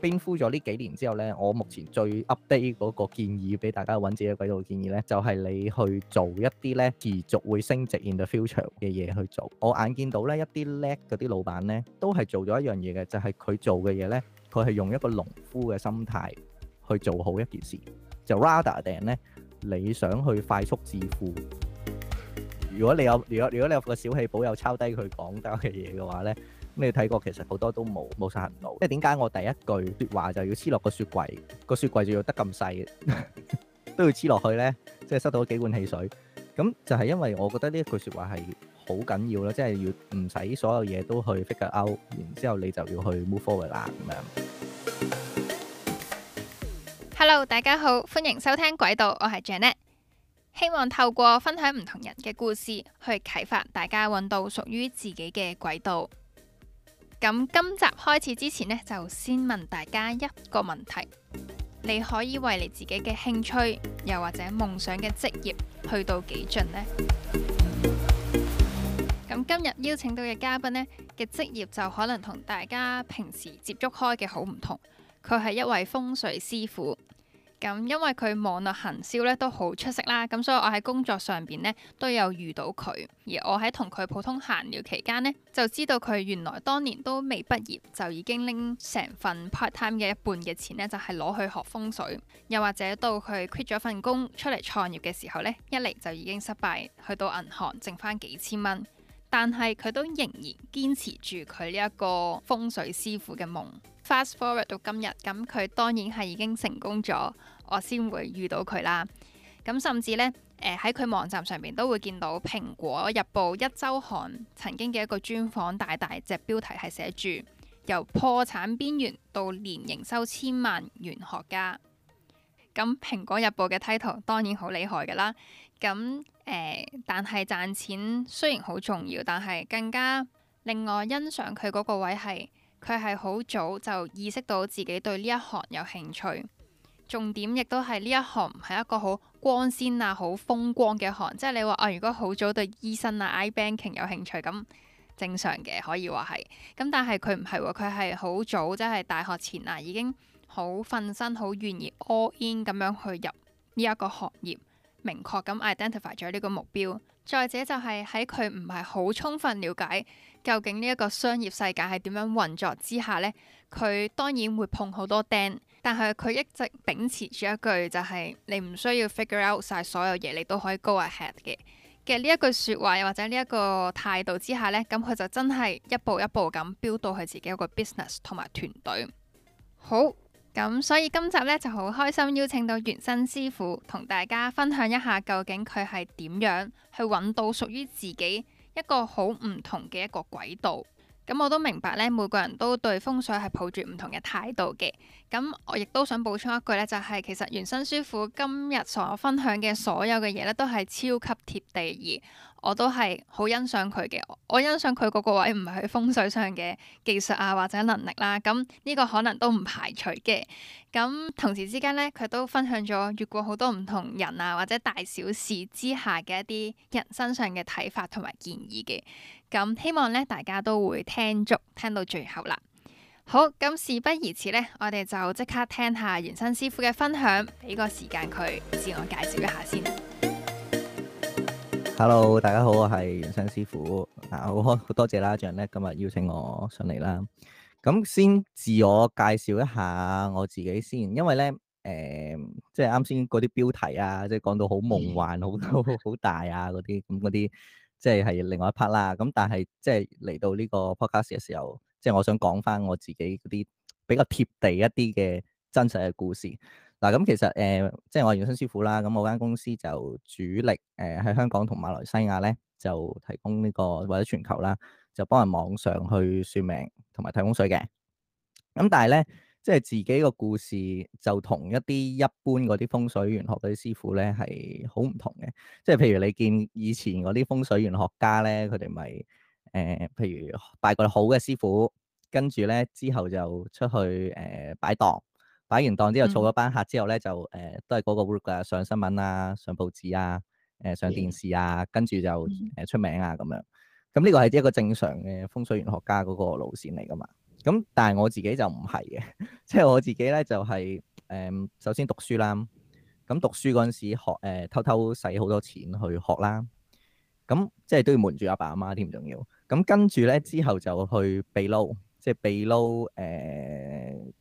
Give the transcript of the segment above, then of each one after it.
邊敷咗呢幾年之後咧，我目前最 update 嗰個建議俾大家揾自己嘅軌道嘅建議咧，就係你去做一啲咧持續會升值 in the future 嘅嘢去做。我眼見到咧一啲叻嗰啲老闆咧，都係做咗一樣嘢嘅，就係佢做嘅嘢咧，佢係用一個農夫嘅心態去做好一件事。就 rather than 咧，你想去快速致富？如果你有，如果如果你有個小氣簿，有抄低佢講得嘅嘢嘅話咧。你睇過，其實好多都冇冇晒行路。即係點解我第一句說話就要黐落個雪櫃個雪櫃，就要得咁細都要黐落去呢？即係收到幾罐汽水咁，就係因為我覺得呢一句說話係好緊要咯。即係要唔使所有嘢都去 figure out，然之後你就要去 move forward 啦。Hello，大家好，歡迎收聽軌道。我係 Janet，希望透過分享唔同人嘅故事，去啟發大家揾到屬於自己嘅軌道。咁今集開始之前呢，就先問大家一個問題：你可以為你自己嘅興趣，又或者夢想嘅職業去到幾盡呢？咁 今日邀請到嘅嘉賓呢，嘅職業就可能同大家平時接觸開嘅好唔同，佢係一位風水師傅。咁因為佢網絡行銷咧都好出色啦，咁所以我喺工作上邊咧都有遇到佢，而我喺同佢普通閒聊期間咧，就知道佢原來當年都未畢業就已經拎成份 part time 嘅一半嘅錢咧，就係攞去學風水，又或者到佢 quit 咗份工出嚟創業嘅時候咧，一嚟就已經失敗，去到銀行剩返幾千蚊。但係佢都仍然堅持住佢呢一個風水師傅嘅夢。Fast forward 到今日，咁佢當然係已經成功咗，我先會遇到佢啦。咁甚至呢，誒喺佢網站上面都會見到《蘋果日報》壹週刊曾經嘅一個專訪，大大隻標題係寫住由破產邊緣到年營收千萬元學家。咁《蘋果日報》嘅 title 當然好厲害㗎喇。咁誒、嗯，但係賺錢雖然好重要，但係更加令我欣賞佢嗰個位係，佢係好早就意識到自己對呢一行有興趣。重點亦都係呢一行唔係一個好光鮮啊、好風光嘅一行。即係你話啊，如果好早對醫生啊、I banking 有興趣，咁正常嘅可以話係。咁但係佢唔係喎，佢係好早即係、就是、大學前啊，已經好瞓身、好願意 all in 咁樣去入呢一個行業。明確咁 identify 咗呢個目標，再者就係喺佢唔係好充分了解究竟呢一個商業世界係點樣運作之下呢？佢當然會碰好多釘，但係佢一直秉持住一句就係、是，你唔需要 figure out 晒所有嘢，你都可以 go ahead 嘅嘅呢一句說話，又或者呢一個態度之下呢，咁佢就真係一步一步咁 build 到佢自己一個 business 同埋團隊。好。咁、嗯、所以今集咧就好開心邀請到玄燊師傅同大家分享一下究竟佢係點樣去揾到屬於自己一個好唔同嘅一個軌道。咁、嗯、我都明白咧，每個人都對風水係抱住唔同嘅態度嘅。咁、嗯、我亦都想補充一句咧，就係、是、其實玄燊師傅今日所分享嘅所有嘅嘢咧，都係超級貼地而。我都係好欣賞佢嘅，我欣賞佢嗰個位唔係佢風水上嘅技術啊或者能力啦、啊，咁呢個可能都唔排除嘅。咁同時之間呢，佢都分享咗越過好多唔同人啊或者大小事之下嘅一啲人生上嘅睇法同埋建議嘅。咁希望呢，大家都會聽足聽到最後啦。好，咁事不宜遲呢，我哋就即刻聽，聽下玄燊師傅嘅分享，俾個時間佢自我介紹一下先。Hello，大家好，我係玄燊師傅。嗱、啊，好開，好多謝啦阿 Janet 咧，今日邀請我上嚟啦。咁先自我介紹一下我自己先，因為咧，誒、呃，即係啱先嗰啲標題啊，即係講到夢好夢幻、好好大啊嗰啲，咁嗰啲即係係另外一 part 啦。咁但係即係嚟到呢個 podcast 嘅時候，即、就、係、是、我想講翻我自己嗰啲比較貼地一啲嘅真實嘅故事。嗱，咁其實誒、呃，即係我係玄燊師傅啦。咁我間公司就主力誒喺香港同馬來西亞咧，就提供呢、這個或者全球啦，就幫人網上去算命同埋睇風水嘅。咁但係咧，即係自己個故事就同一啲一般嗰啲風水玄學嗰啲師傅咧係好唔同嘅。即係譬如你見以前嗰啲風水玄學家咧，佢哋咪誒，譬如拜個好嘅師傅，跟住咧之後就出去誒、呃、擺檔。擺完檔之後，儲咗班客之後咧，就誒、呃、都係嗰個 work 啊，上新聞啊，上報紙啊，誒、呃、上電視啊，跟住就誒出名啊咁樣。咁呢個係一個正常嘅風水玄學家嗰個路線嚟噶嘛。咁但係我自己就唔係嘅，即、就、係、是、我自己咧就係、是、誒、呃、首先讀書啦。咁讀書嗰陣時學誒、呃、偷偷使好多錢去學啦。咁即係都要瞞住阿爸阿媽添，仲要。咁跟住咧之後就去秘撈，即係秘撈誒。呃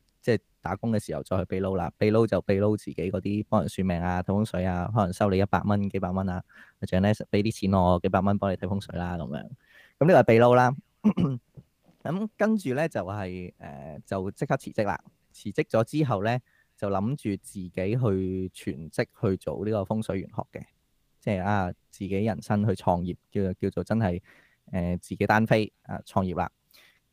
打工嘅時候再去秘撈啦，秘撈就秘撈自己嗰啲幫人算命啊、睇風水啊，可能收你一百蚊、幾百蚊啊，或者咧俾啲錢我、啊、幾百蚊幫你睇風水啦、啊、咁樣。咁、嗯 嗯、呢個係秘撈啦。咁跟住咧就係、是、誒、呃、就即刻辭職啦。辭職咗之後咧就諗住自己去全職去做呢個風水玄學嘅，即係啊自己人生去創業，叫叫做真係誒、呃、自己單飛啊創業啦。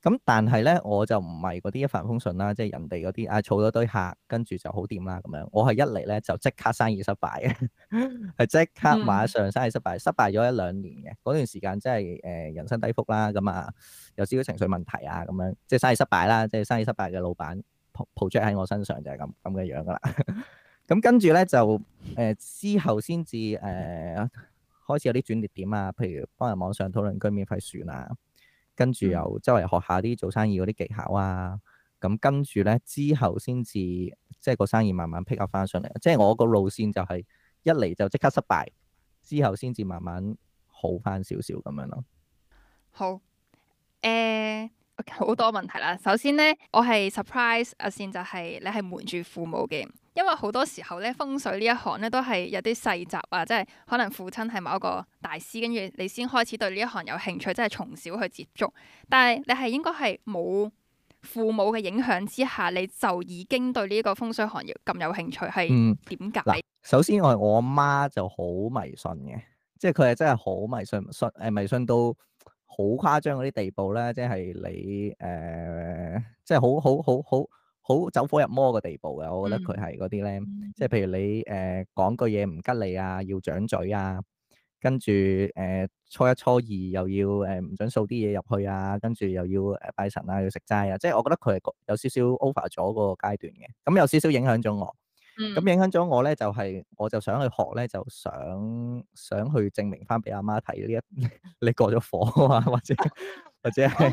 咁但係咧，我就唔係嗰啲一帆風順啦，即係人哋嗰啲啊，儲咗堆客，跟住就好掂啦咁樣。我係一嚟咧就即刻生意失敗，係即 刻馬上生意失敗，失敗咗一兩年嘅嗰段時間，就是，真係誒人生低谷啦，咁啊有少少情緒問題啊咁樣，即係生意失敗啦，即係生意失敗嘅老闆 project 喺我身上就係咁咁嘅樣噶啦。咁 跟住咧就誒、呃、之後先至誒開始有啲轉捩點啊，譬如幫人網上討論區免費船啊。跟住又周圍學下啲做生意嗰啲技巧啊，咁跟住咧之後先至即係個生意慢慢 pick up 翻上嚟，即係我個路線就係一嚟就即刻失敗，之後先至慢慢好翻少少咁樣咯。好，誒、呃、好多問題啦，首先咧我係 surprise 啊，先就係你係瞞住父母嘅。因為好多時候咧，風水呢一行咧都係有啲細集啊，即係可能父親係某一個大師，跟住你先開始對呢一行有興趣，即係從小去接觸。但係你係應該係冇父母嘅影響之下，你就已經對呢個風水行業咁有興趣係點解？嗱，首先我係我媽就好迷信嘅，即係佢係真係好迷信，信誒迷信到好誇張嗰啲地步咧，即係你誒、呃，即係好好好好。好好好走火入魔嘅地步嘅，我覺得佢係嗰啲咧，嗯、即係譬如你誒講、呃、句嘢唔吉利啊，要掌嘴啊，跟住誒、呃、初一初二又要誒唔、呃、准掃啲嘢入去啊，跟住又要誒拜神啊，要食齋啊，即係我覺得佢係有少少 over 咗個階段嘅，咁有少少影響咗我。咁、嗯、影響咗我咧，就係、是、我就想去學咧，就想想去證明翻俾阿媽睇呢一 你過咗火啊，或者或者係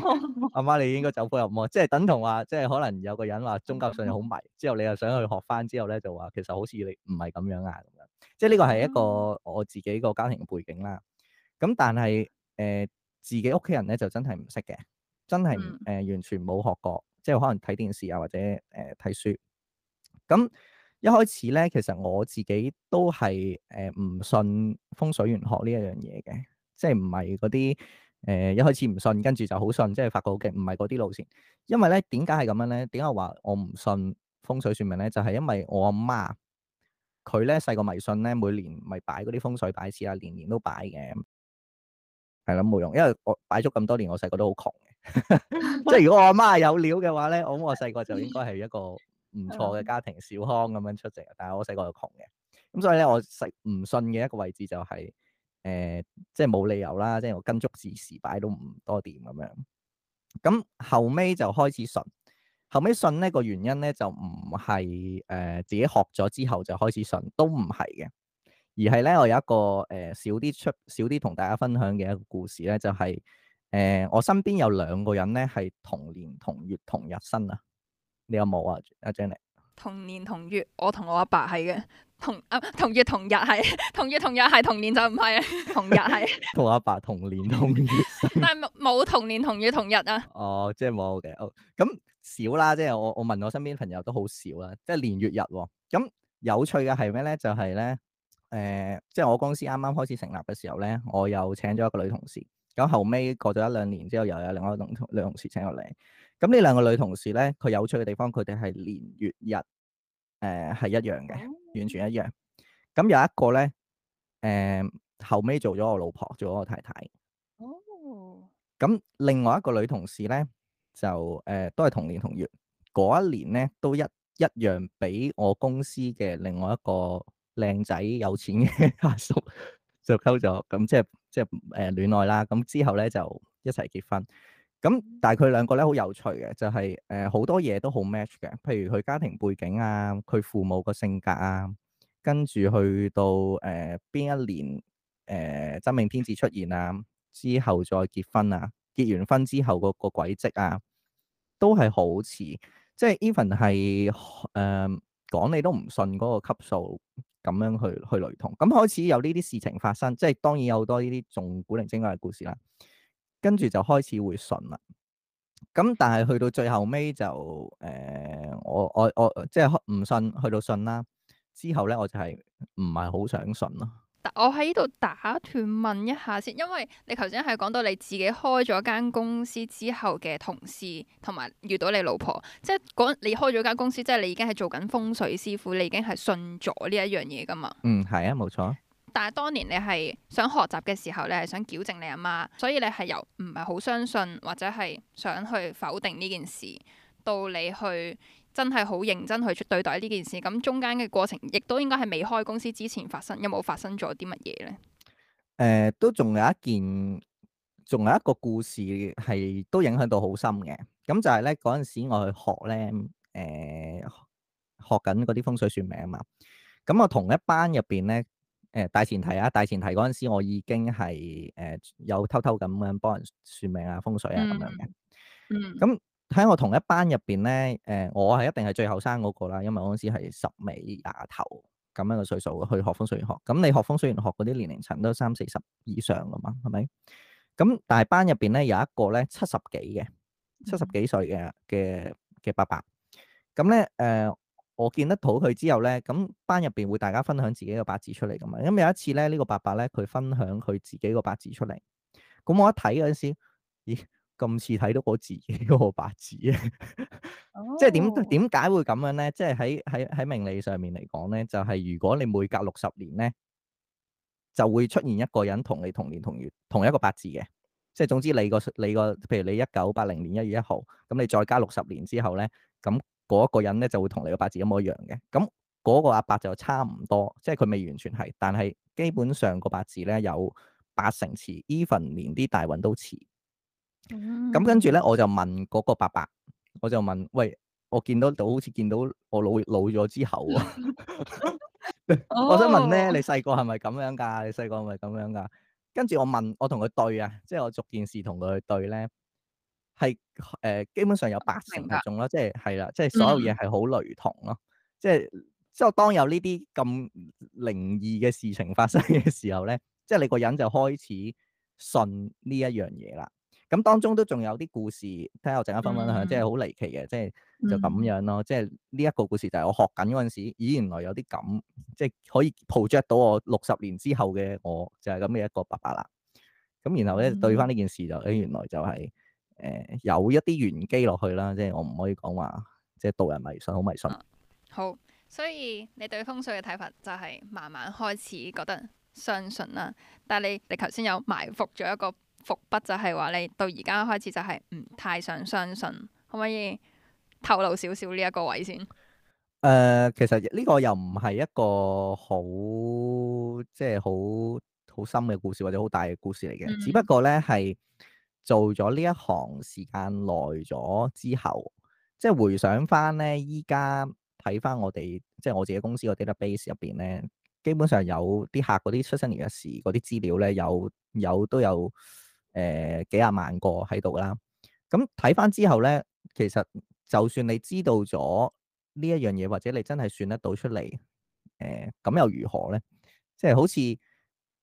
阿 媽，媽，你應該走火入魔，即、就、係、是、等同話即係可能有個人話宗教上好迷，嗯、之後你又想去學翻，之後咧就話其實好似你唔係咁樣啊咁樣，即係呢個係一個我自己個家庭背景啦。咁但係誒、呃、自己屋企人咧就真係唔識嘅，真係誒、嗯呃、完全冇學過，即、就、係、是、可能睇電視啊或者誒睇、呃、書咁。一開始咧，其實我自己都係誒唔信風水玄學呢一樣嘢嘅，即係唔係嗰啲誒一開始唔信，跟住就好信，即係發覺好勁，唔係嗰啲路線。因為咧點解係咁樣咧？點解話我唔信風水算命咧？就係、是、因為我阿媽佢咧細個迷信咧，每年咪擺嗰啲風水擺設啊，年年都擺嘅。係咯，冇用，因為我擺咗咁多年，我細個都好窮嘅。 即係如果我阿媽，媽有料嘅話咧，我我細個就應該係一個。唔錯嘅家庭小康咁樣出席，但係我細個又窮嘅。咁所以咧我信唔信嘅一個位置就係、是、誒、呃，即係冇理由啦，即係我跟足字時擺都唔多掂咁樣。咁、嗯、後尾就開始信，後尾信呢個原因咧就唔係誒自己學咗之後就開始信，都唔係嘅，而係咧我有一個誒少啲出少啲同大家分享嘅一個故事咧，就係、是、誒、呃、我身邊有兩個人咧係同年同月同日生啊。你有冇啊，阿 Janet？同年同月，我同我阿爸係嘅同啊同月同日係，同月同日係，同年就唔係同日係。 同我阿爸同年同月， 但係冇同年同月同日啊。哦，即係冇嘅，咁、okay. oh, 少啦。即係我我問我身邊朋友都好少啦，即係年月日、哦。咁有趣嘅係咩咧？就係、是、咧，誒、呃，即係我公司啱啱開始成立嘅時候咧，我又請咗一個女同事。咁後尾過咗一兩年之後，又有另外一個女同事請入嚟。咁呢兩個女同事咧，佢有趣嘅地方，佢哋係年月日，誒係一樣嘅，完全一樣。咁有一個咧，誒後尾做咗我老婆，做咗我太太。哦。咁另外一個女同事咧，就誒都係同年同月，嗰一年咧都一一樣俾我公司嘅另外一個靚仔有錢嘅阿叔就溝咗，咁即係即係誒戀愛啦。咁之後咧就一齊結婚。咁、嗯、但係佢兩個咧好有趣嘅，就係誒好多嘢都好 match 嘅，譬如佢家庭背景啊，佢父母個性格啊，跟住去到誒邊、呃、一年誒、呃、真命天子出現啊，之後再結婚啊，結完婚之後嗰個軌跡啊，都係好似，即係 even 係誒、呃、講你都唔信嗰個級數咁樣去去雷同，咁開始有呢啲事情發生，即係當然有好多呢啲仲古靈精怪嘅故事啦。跟住就開始會信啦，咁、嗯、但係去到最後尾就誒、呃，我我我即係唔信去到信啦，之後咧我就係唔係好想信咯。但我喺呢度打斷問一下先，因為你頭先係講到你自己開咗間公司之後嘅同事同埋遇到你老婆，即係你開咗間公司，即係你已經係做緊風水師傅，你已經係信咗呢一樣嘢㗎嘛？嗯，係啊，冇錯。但係當年你係想學習嘅時候，你係想矯正你阿媽，所以你係由唔係好相信或者係想去否定呢件事，到你去真係好認真去對待呢件事。咁中間嘅過程亦都應該係未開公司之前發生，有冇發生咗啲乜嘢咧？誒、呃，都仲有一件，仲有一個故事係都影響到好深嘅。咁就係咧嗰陣時我去學咧，誒、呃、學緊嗰啲風水算命啊嘛。咁我同一班入邊咧。誒大、呃、前提啊，大前提嗰陣時，我已經係誒有偷偷咁樣幫人算命啊、風水啊咁樣嘅、嗯。嗯。咁喺我同一班入邊咧，誒、呃、我係一定係最後生嗰個啦，因為我嗰時係十尾牙頭咁樣嘅歲數去學風水玄學。咁你學風水玄學嗰啲年齡層都三四十以上噶嘛，係咪？咁大班入邊咧有一個咧七十幾嘅，七十幾、嗯、七十幾歲嘅嘅嘅伯伯。咁咧誒。呃我見得到佢之後咧，咁班入邊會大家分享自己個八字出嚟噶嘛？咁有一次咧，呢、這個伯伯咧佢分享佢自己個八字出嚟，咁我一睇，嗰陣時，咦，咁似睇到我自己個八字啊、 oh！即係點點解會咁樣咧？即係喺喺喺命理上面嚟講咧，就係、是、如果你每隔六十年咧，就會出現一個人同你同年同月同一個八字嘅，即係總之你個你個，譬如你一九八零年一月一號，咁你再加六十年之後咧，咁。嗰一個人咧就會同你八、那個、個八字一模一樣嘅，咁嗰個阿伯就差唔多，即係佢未完全係，但係基本上個八字咧有八成似，even 連啲大運都似。咁跟住咧，我就問嗰個伯伯，我就問：喂，我見到到好似見到我老老咗之後喎、啊， 我想問咧，你細個係咪咁樣㗎？你細個係咪咁樣㗎？跟住我問，我同佢對啊，即係我逐件事同佢去對咧。係誒、呃，基本上有八成係中啦，即係係啦，即係所有嘢係好雷同咯，嗯、即係即係當有呢啲咁靈異嘅事情發生嘅時候咧，即係你個人就開始信呢一樣嘢啦。咁當中都仲有啲故事，睇下我陣間分享、嗯、即係好離奇嘅，即係就咁樣咯。嗯、即係呢一個故事就係我學緊嗰陣時，咦原來有啲咁，即係可以 project 到我六十年之後嘅我就係咁嘅一個爸爸啦。咁然後咧對翻呢件事就誒、嗯、原來就係。誒、呃，有一啲玄機落去啦，即係我唔可以講話，即係導人迷信好迷信，啊。好，所以你對風水嘅睇法就係慢慢開始覺得相信啦。但係你你頭先有埋伏咗一個伏筆，就係、是、話你到而家開始就係唔太想相信，可唔可以透露少少呢一個位先？誒、呃，其實呢個又唔係一個好，即係好好深嘅故事或者好大嘅故事嚟嘅，嗯、只不過咧係。做咗呢一行時間耐咗之後，即係回想翻咧，依家睇翻我哋即係我自己公司嗰啲 database 入邊咧，基本上有啲客嗰啲出生年月時嗰啲資料咧，有有都有誒、呃、幾廿萬個喺度啦。咁睇翻之後咧，其實就算你知道咗呢一樣嘢，或者你真係算得到出嚟，誒、呃、咁又如何咧？即係好似。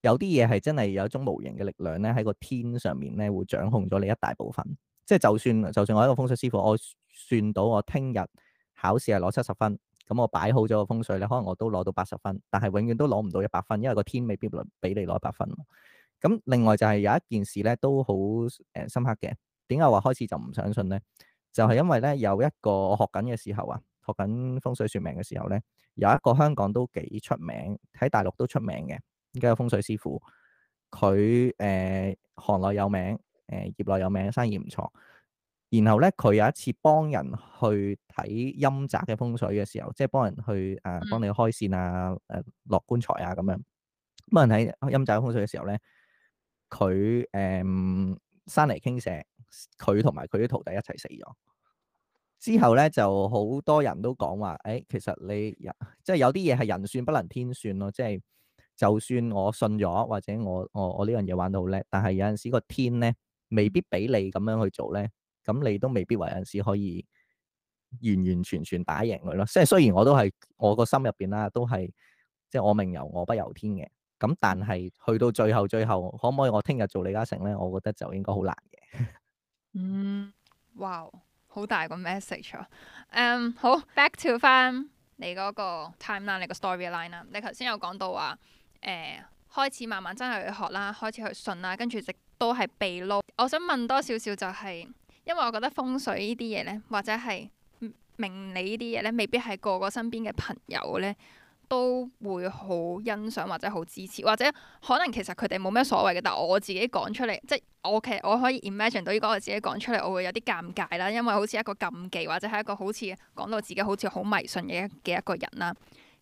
有啲嘢係真係有一種無形嘅力量咧，喺個天上面咧會掌控咗你一大部分。即係就算就算我一個風水師傅，我算到我聽日考試係攞七十分，咁我擺好咗個風水咧，可能我都攞到八十分，但係永遠都攞唔到一百分，因為個天未必俾你攞一百分。咁另外就係有一件事咧都好誒深刻嘅，點解話開始就唔相信咧？就係、是、因為咧有一個我學緊嘅時候啊，學緊風水算命嘅時候咧，有一個香港都幾出名，喺大陸都出名嘅。依家有風水師傅，佢誒、呃、行內有名，誒、呃、業內有名，生意唔錯。然後咧，佢有一次幫人去睇陰宅嘅風水嘅時候，即係幫人去誒幫、啊、你開線啊、誒、啊、落棺材啊咁樣。幫人睇陰宅風水嘅時候咧，佢誒山泥傾瀉，佢同埋佢啲徒弟一齊死咗。之後咧，就好多人都講話，誒、哎，其實你即係有啲嘢係人算不能天算咯，即係。就算我信咗，或者我我我呢樣嘢玩得好叻，但係有陣時個天咧，未必俾你咁樣去做咧，咁你都未必有陣時可以完完全全打贏佢咯。即係雖然我都係我個心入邊啦，都係即係我命由我不由天嘅，咁但係去到最後最後，可唔可以我聽日做李嘉誠咧？我覺得就應該好難嘅。 嗯，哇，好大個 message 啊！誒，um，好，back to 翻你嗰個 timeline，你個 storyline 啊，你頭先有講到話。誒、呃，開始慢慢真係去學啦，開始去信啦，跟住直都係秘撈。我想問多少少就係、是，因為我覺得風水呢啲嘢呢，或者係命理呢啲嘢呢，未必係個個身邊嘅朋友呢都會好欣賞或者好支持，或者可能其實佢哋冇咩所謂嘅。但係我自己講出嚟，即係我其實我可以 imagine 到如果我自己講出嚟，我會有啲尷尬啦，因為好似一個禁忌，或者係一個好似講到自己好似好迷信嘅嘅一個人啦。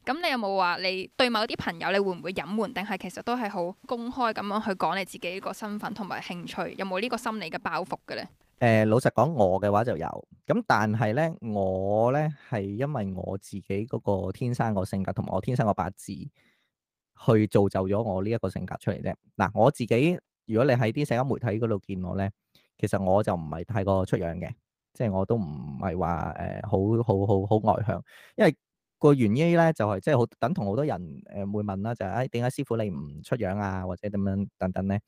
咁你有冇話你對某啲朋友你會唔會隱瞞，定係其實都係好公開咁樣去講你自己個身份同埋興趣？有冇呢個心理嘅包袱嘅咧？誒，老實講，我嘅話就有。咁但係咧，我咧係因為我自己嗰個天生個性格同埋我天生個八字去造就咗我呢一個性格出嚟啫。嗱，我自己如果你喺啲社交媒體嗰度見我咧，其實我就唔係太過出樣嘅，即係我都唔係話誒好好好好外向，因為個原因咧就係即係好等同好多人誒會問啦，就係誒點解師傅你唔出樣啊，或者點樣等等咧？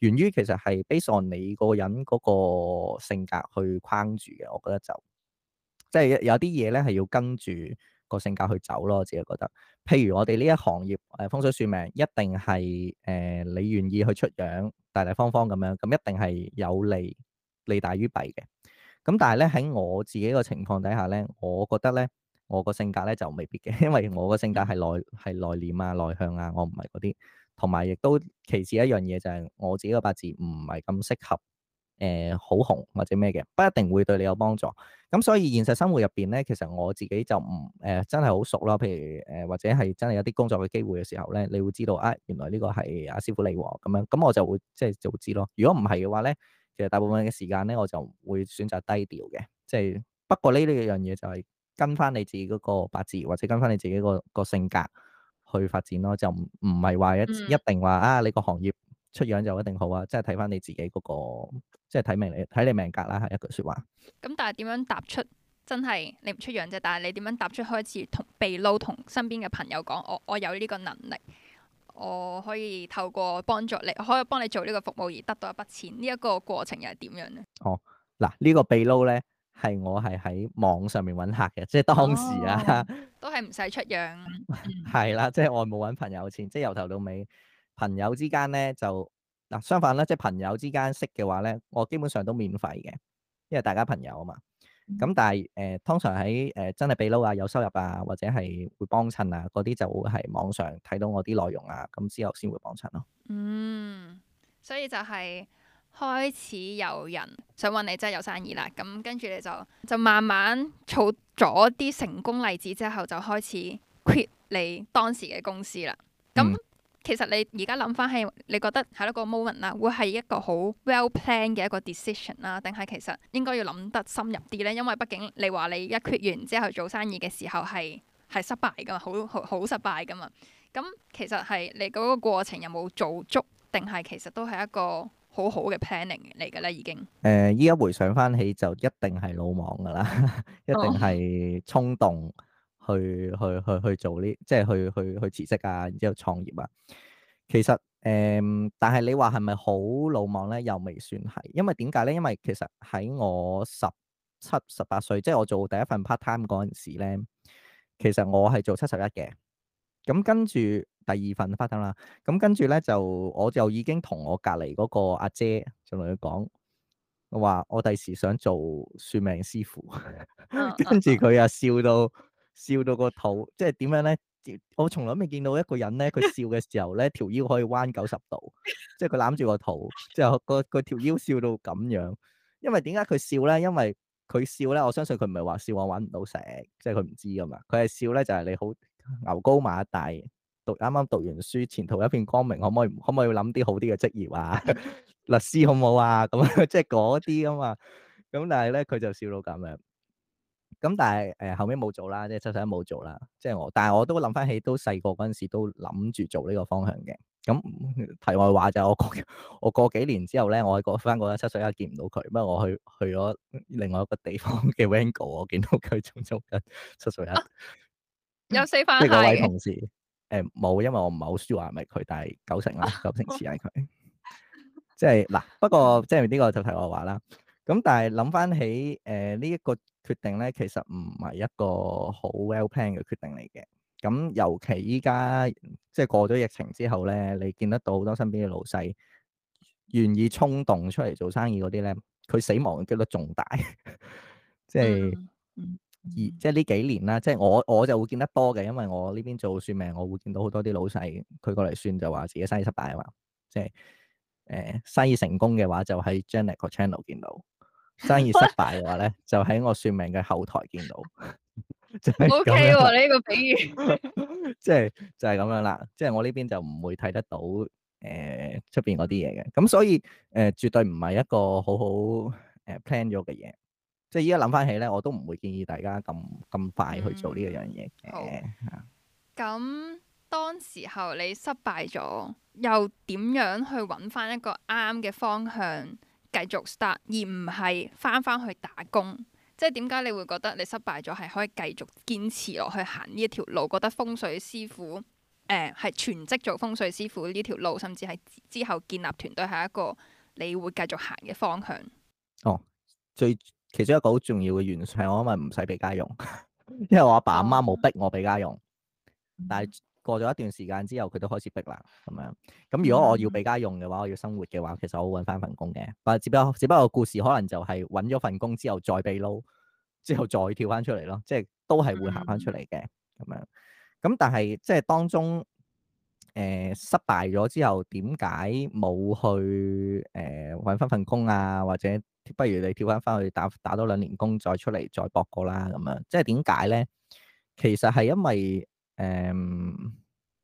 源於其實係 base on 你個人嗰個性格去框住嘅。我覺得就即係、就係、有啲嘢咧係要跟住個性格去走咯。我自己覺得，譬如我哋呢一行業誒風水算命，一定係誒、呃、你願意去出樣大大方方咁樣，咁一定係有利利大於弊嘅。咁但係咧喺我自己個情況底下咧，我覺得咧。我個性格咧就未必嘅，因為我個性格係內係內斂啊、內向啊，我唔係嗰啲。同埋亦都其次一樣嘢就係、是、我自己個八字唔係咁適合，誒、呃、好紅或者咩嘅，不一定會對你有幫助。咁所以現實生活入邊咧，其實我自己就唔誒、呃、真係好熟咯。譬如誒、呃、或者係真係有啲工作嘅機會嘅時候咧，你會知道啊，原來呢個係阿師傅你喎、喔、咁樣。咁我就會即係、就是、就知咯。如果唔係嘅話咧，其實大部分嘅時間咧，我就會選擇低調嘅。即、就、係、是、不過呢呢一樣嘢就係、是。跟翻你自己嗰個八字，或者跟翻你自己個個性格去發展咯，就唔唔係話一一定話、嗯、啊！你個行業出樣就一定好啊，即係睇翻你自己嗰、那個，即係睇命嚟睇你命格啦，係一句説話。咁、嗯、但係點樣答出？真係你唔出樣啫，但係你點樣答出開始同秘撈同身邊嘅朋友講，我我有呢個能力，我可以透過幫助你，可以幫你做呢個服務而得到一筆錢。呢、這、一個過程又係點樣咧？哦，嗱，這個、呢個秘撈咧。係我係喺網上面揾客嘅，即係當時啊、哦，都係唔使出樣。係啦， 即係我冇揾朋友錢，即係由頭到尾朋友之間咧就嗱、啊、相反咧，即係朋友之間識嘅話咧，我基本上都免費嘅，因為大家朋友啊嘛。咁、嗯、但係誒、呃，通常喺誒、呃、真係俾佬啊，有收入啊，或者係會幫襯啊嗰啲，就會係網上睇到我啲內容啊，咁之後先會幫襯咯。嗯，所以就係、是。開始有人想問你，真係有生意啦。咁跟住你就就慢慢儲咗啲成功例子之後，就開始 quit 你當時嘅公司啦。咁、嗯、其實你而家諗翻係，你覺得係咯個 moment 啦，會係一個好 well planned 嘅一個 decision 啦？定係其實應該要諗得深入啲咧？因為畢竟你話你一 quit 完之後做生意嘅時候係係失敗噶嘛，好好失敗噶嘛。咁其實係你嗰個過程有冇做足，定係其實都係一個？好好嘅 planning 嚟㗎啦，已經、嗯。誒依家回想翻起就一定係魯莽㗎啦， 一定係衝動去、oh. 去去去做呢，即係去去去辭職啊，然之後創業啊。其實誒、嗯，但係你話係咪好魯莽咧？又未算係，因為點解咧？因為其實喺我十七十八歲，即係我做第一份 part time 嗰陣時咧，其實我係做七十一嘅。咁跟住。第二份花燈啦，咁、嗯、跟住咧就我就已經同我隔離嗰個阿姐就同佢講，我話我第時想做算命師傅， 跟住佢啊笑到笑到個肚，即係點樣咧？我從來未見到一個人咧，佢笑嘅時候咧條腰可以彎九十度，即係佢攬住個肚，即係個個條腰笑到咁樣。因為點解佢笑咧？因為佢笑咧，我相信佢唔係話笑我揾唔到食，即係佢唔知噶嘛。佢係笑咧就係、是、你好牛高馬大。讀啱啱讀完書，前途一片光明，可唔可以可唔可以諗啲好啲嘅職業啊？ 律師好唔好啊？咁即係嗰啲啊嘛。咁但係咧，佢就笑到咁樣。咁但係誒、呃，後尾冇做啦，即係七十一冇做啦，即係我。但係我都諗翻起，都細個嗰陣時都諗住做呢個方向嘅。咁題外話就係、我過我過幾年之後咧，我喺嗰翻嗰日七十一見唔到佢，不過我去去咗另外一個地方嘅 Wangle，我見到佢做足緊七十一、啊。有四番 位同事。 誒，冇，因為我唔係好輸話係咪佢，但係九成啦，九成似係佢， 即係嗱。不過即係呢、呢個就睇我話啦。咁但係諗翻起誒呢一個決定咧，其實唔係一個好 well plan 嘅決定嚟嘅。咁尤其依家即係過咗疫情之後咧，你見得到好多身邊嘅老細願意衝動出嚟做生意嗰啲咧，佢死亡嘅幾率仲大， 即係是。嗯嗯而即係呢幾年啦，即係我我就會見得多嘅，因為我呢邊做算命，我會見到好多啲老細佢過嚟算就話自己生意失敗啊，即係誒、呃、生意成功嘅話就喺 Janet channel 見到，生意失敗嘅話咧 就喺我算命嘅後台見到。O K，你呢個比喻，即係就係咁樣啦，即係我呢邊就唔會睇得到誒出邊嗰啲嘢嘅，咁、呃、所以誒、呃、絕對唔係一個好好誒 plan 咗嘅嘢。呃即係依家諗翻起咧，我都唔會建議大家咁咁快去做呢樣嘢嘅。咁、嗯、當時候你失敗咗，又點樣去揾翻一個啱嘅方向繼續 start，而唔係翻翻去打工？即係點解你會覺得你失敗咗係可以繼續堅持落去行呢一條路？覺得風水師傅誒係、呃、全職做風水師傅呢條路，甚至係之後建立團隊係一個你會繼續行嘅方向？哦，最。其中一個好重要嘅原因，我因為唔使俾家用，因為我阿爸阿媽冇逼我俾家用，但係過咗一段時間之後，佢都開始逼啦咁樣。咁如果我要俾家用嘅話，我要生活嘅話，其實我會揾翻份工嘅，但係只不只不過故事可能就係揾咗份工之後再被撈，之後再跳翻出嚟咯，即係都係會行翻出嚟嘅咁樣。咁但係即係當中誒、呃、失敗咗之後，點解冇去誒揾翻份工啊，或者？不如你跳翻翻去打打多兩年工，再出嚟再搏過啦咁樣，即係點解咧？其實係因為誒、呃、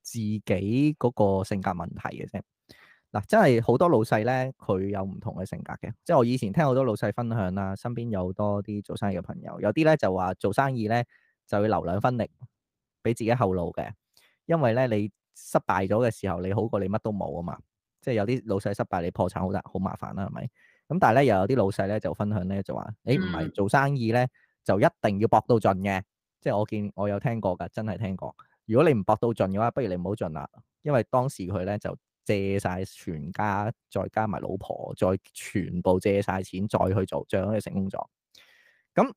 自己嗰個性格問題嘅啫。嗱、啊，真係好多老細咧，佢有唔同嘅性格嘅。即係我以前聽好多老細分享啦，身邊有好多啲做生意嘅朋友，有啲咧就話做生意咧就要留兩分力俾自己後路嘅，因為咧你失敗咗嘅時候，你好過你乜都冇啊嘛。即係有啲老細失敗，你破產好大好麻煩啦，係咪？咁但係咧，又有啲老細咧就分享咧，就話，誒、哎，唔係做生意咧，就一定要搏到盡嘅。即係我見我有聽過噶，真係聽過。如果你唔搏到盡嘅話，不如你唔好盡啦。因為當時佢咧就借晒全家，再加埋老婆，再全部借晒錢，再去做，最後佢成功咗。咁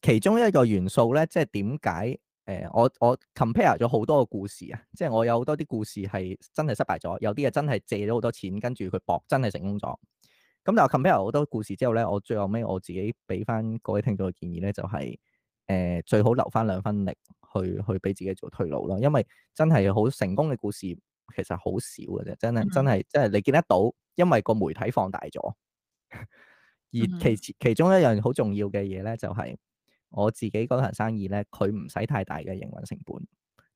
其中一個元素咧，即係點解？誒、呃，我我 compare 咗好多個故事啊，即係我有好多啲故事係真係失敗咗，有啲啊真係借咗好多錢，跟住佢搏真係成功咗。咁但係 compare 好多故事之後咧，我最後尾我自己俾翻各位聽眾嘅建議咧、就是，就係誒最好留翻兩分力去去俾自己做退路咯，因為真係好成功嘅故事其實好少嘅啫，真係、mm hmm. 真係即係你見得到，因為個媒體放大咗。 而其、mm hmm. 其中一樣好重要嘅嘢咧，就係、是、我自己嗰行生意咧，佢唔使太大嘅營運成本。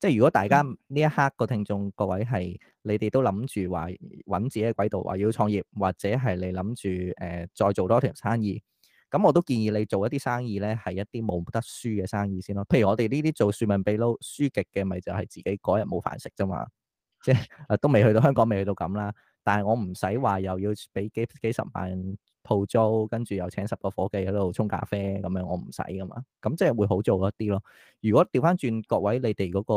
即係如果大家呢一刻個聽眾各位係你哋都諗住話揾自己嘅軌道，話要創業，或者係你諗住誒再做多條生意，咁我都建議你做一啲生意咧，係一啲冇得輸嘅生意先咯。譬如我哋呢啲做算命秘撈，輸極嘅，咪就係自己嗰日冇飯食啫嘛。即 係都未去到香港，未去到咁啦。但係我唔使話又要俾幾幾十萬。，鋪租跟住又請十個伙計喺度沖咖啡咁樣，我唔使噶嘛，咁即係會好做一啲咯。如果調翻轉各位你哋嗰、嗰個、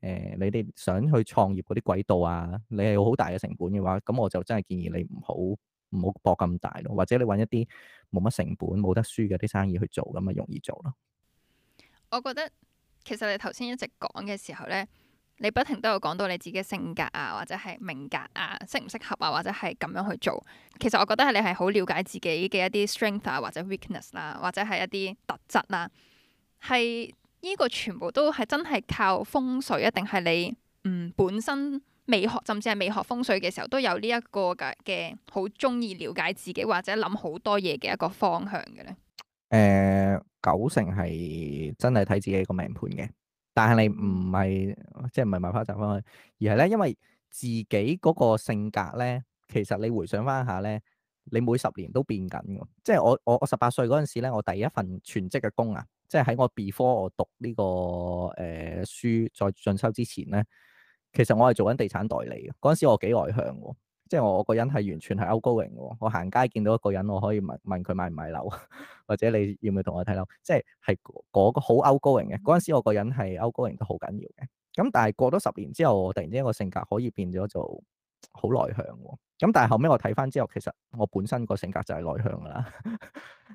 呃、你哋想去創業嗰啲軌道啊，你係有好大嘅成本嘅話，咁我就真係建議你唔好唔好搏咁大咯。或者你揾一啲冇乜成本、冇得輸嘅啲生意去做，咁咪容易做咯。我覺得其實你頭先一直講嘅時候咧。你不停都有講到你自己性格啊，或者係命格啊，適唔適合啊，或者係咁樣去做。其實我覺得係你係好了解自己嘅一啲 strength 啊，或者 weakness 啦、啊，或者係一啲特質啦、啊。係呢個全部都係真係靠風水、啊，一定係你嗯本身未學，甚至係未學風水嘅時候，都有呢一個嘅嘅好中意了解自己或者諗好多嘢嘅一個方向嘅咧。誒、呃，九成係真係睇自己個命盤嘅。但係你唔係，即係唔係買翻賺翻去，而係咧，因為自己嗰個性格咧，其實你回想翻下咧，你每十年都變緊。即係我我我十八歲嗰陣時咧，我第一份全職嘅工啊，即係喺我 B 科我讀呢、這個誒、呃、書再進修之前咧，其實我係做緊地產代理嘅。嗰陣時我幾外向。即係我個人係完全係 outgoing 嘅，我行街見到一個人，我可以問問佢買唔買樓，或者你要唔要同我睇樓。即係係嗰個好 outgoing 嘅嗰陣時，我個人係 outgoing 都好緊要嘅。咁但係過咗十年之後，我突然之間個性格可以變咗做好內向喎。咁但係後尾我睇翻之後，其實我本身個性格就係內向㗎啦。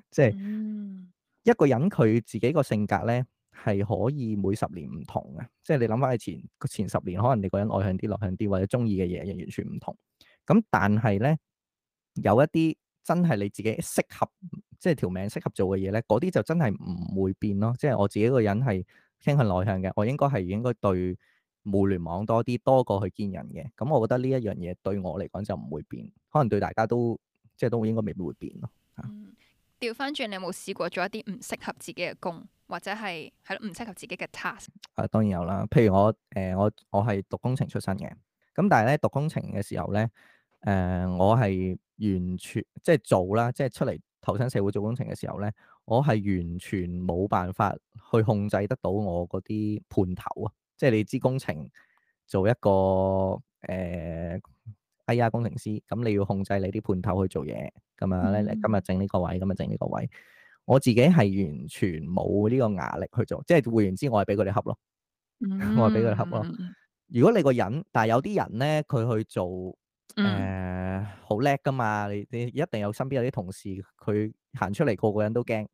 即 係一個人佢自己個性格咧係可以每十年唔同嘅。即係你諗翻起前前十年，可能你個人外向啲、內向啲，或者中意嘅嘢亦完全唔同。咁，但係咧有一啲真係你自己適合，即係條命適合做嘅嘢咧，嗰啲就真係唔會變咯。即係我自己個人係傾向內向嘅，我應該係應該對互聯網多啲多過去見人嘅。咁、嗯、我覺得呢一樣嘢對我嚟講就唔會變，可能對大家都即係都應該未必會變咯。嗯，調翻轉你有冇試過做一啲唔適合自己嘅工，或者係係咯唔適合自己嘅 task？啊，當然有啦。譬如我誒、呃、我我係讀工程出身嘅，咁但係咧讀工程嘅時候咧。誒、呃，我係完全即係做啦，即係出嚟投身社會做工程嘅時候咧，我係完全冇辦法去控制得到我嗰啲判頭啊！即係你知工程做一個誒、呃、I. R. 工程師，咁你要控制你啲判頭去做嘢，咁樣咧，你今日整呢個位，今日整呢個位，我自己係完全冇呢個壓力去做，即係換言之我係俾佢哋恰咯，嗯、我係俾佢哋恰咯。如果你個人，但係有啲人咧，佢去做。誒好叻㗎嘛！你你一定有身邊有啲同事，佢行出嚟個個人都驚，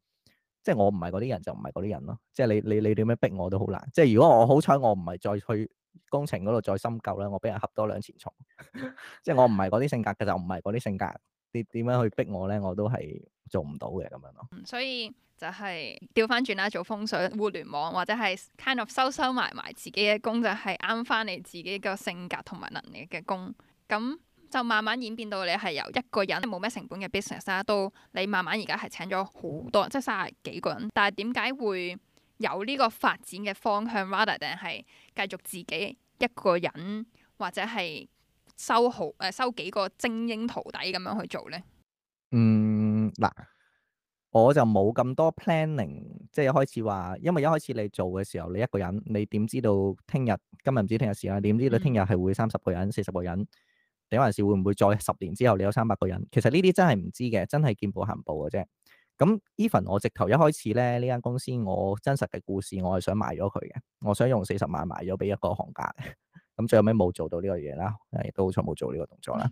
即係我唔係嗰啲人就唔係嗰啲人咯。即係你你你點樣逼我都好難。即係如果我好彩，我唔係再去工程嗰度再深究啦，我俾人恰多兩錢重。 即係我唔係嗰啲性格嘅就唔係嗰啲性格，你點樣去逼我咧？我都係做唔到嘅咁樣咯、嗯。所以就係調翻轉啦，做風水、互聯網或者係 kind of 收收埋埋自己嘅工，就係啱翻你自己個性格同埋能力嘅工咁。就慢慢演變到你係由一個人冇咩成本嘅 business 啦，到你慢慢而家係請咗好多，即係三十幾個人。但係點解會有呢個發展嘅方向，rather 定係繼續自己一個人，或者係收好誒收幾個精英徒弟咁樣去做咧？嗯，嗱，我就冇咁多 planning，即係一開始話，因為一開始你做嘅時候你一個人，你點知道聽日今日唔知聽日時間？點知你聽日係會三十個人、四十、嗯、個人？有還是會唔會再十年之後，你有三百個人？其實呢啲真係唔知嘅，真係見步行步嘅啫。咁 Even 我直頭一開始咧，呢間公司我真實嘅故事，我係想賣咗佢嘅，我想用四十萬賣咗俾一個行家。咁 最後尾冇做到呢個嘢啦，亦都好彩冇做呢個動作啦。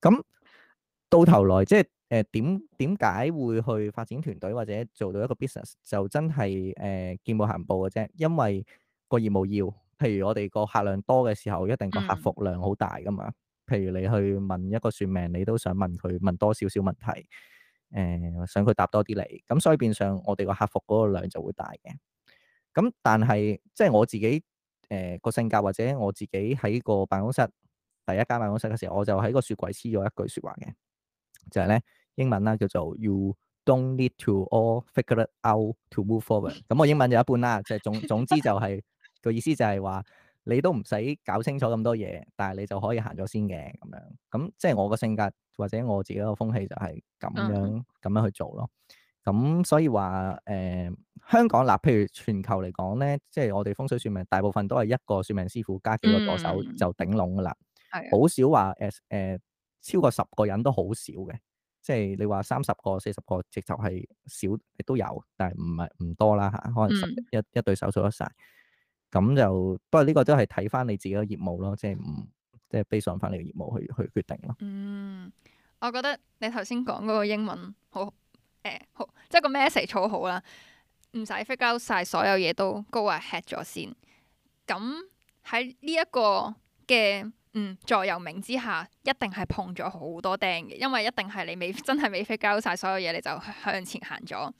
咁 到頭來，即係誒點點解會去發展團隊或者做到一個 business，就真係誒見步行步嘅啫。因為個業務要，譬如我哋個客量多嘅時候，一定個客服量好大噶嘛。譬如你去問一個算命，你都想問佢問多少少問題，誒、呃、想佢答多啲你，咁所以變相我哋個客服嗰個量就會大嘅。咁但係即係我自己誒、呃、個性格或者我自己喺個辦公室，第一間辦公室嘅時候，我就喺個雪櫃黐咗一句説話嘅，就係、是、咧英文啦，叫做 You don't need to all figure it out to move forward。咁我英文就一般啦，就總總之就係、是、個 意思就係話。你都唔使搞清楚咁多嘢，但係你就可以行咗先嘅咁樣。咁即係我個性格或者我自己個風氣就係咁樣咁、嗯、樣去做咯。咁所以話誒、呃、香港嗱、呃，譬如全球嚟講咧，即係我哋風水算命，大部分都係一個算命師傅加幾個助手就頂籠噶啦。係好、嗯、少話誒誒超過十個人都好少嘅。即係你話三十個，四十個，直頭就係少都有，但係唔係唔多啦嚇。可能一一、嗯、一一對手數得晒。咁就不過呢個都係睇翻你自己個業務咯，即係唔即係 based 翻你個業務去去決定咯。嗯，我覺得你頭先講嗰個英文好，誒、欸、好，即係個 message 好好啦，唔使 figure out 晒所有嘢都高啊吃咗先。咁喺呢一個嘅嗯座右銘之下，一定係碰咗好多釘嘅，因為一定係你未真係未 figure out 晒所有嘢，你就向前行咗。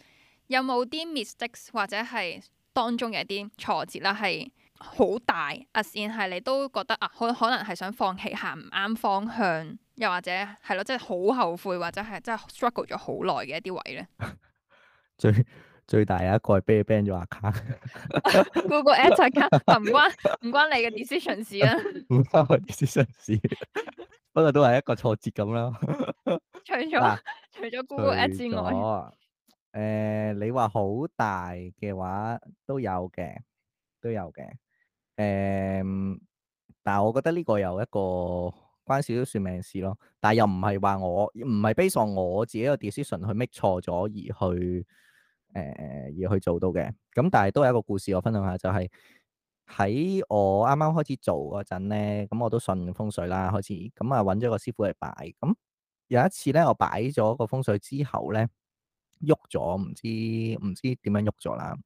有冇啲 mistakes 或者係？當中嘅一啲挫折啦，係好大，阿綫係你都覺得啊，可可能係想放棄行唔啱方向，又或者係咯，即係好後悔或者係真係 struggle 咗好耐嘅一啲位咧。最最大有一個係俾 ban 咗阿卡，Google Ads 卡唔關唔關你嘅 decision 事啊，唔 關我 decision 事，不過都係一個挫折咁啦、 啊。除咗除咗 Google Ads 之外。 誒、呃，你話好大嘅話都有嘅，都有嘅。誒、呃，但係我覺得呢個有一個關少都算命事咯。但係又唔係話我唔係悲 a 我自己個 decision 去 make 錯咗而去，誒、呃，而去做到嘅。咁、嗯、但係都有一個故事我分享下，就係、是，喺我啱啱開始做嗰陣咧，咁、嗯、我都信風水啦，開始咁啊，揾咗、嗯、個師傅嚟擺。咁、嗯、有一次咧，我擺咗個風水之後咧。喐咗，唔知唔知點樣喐咗啦。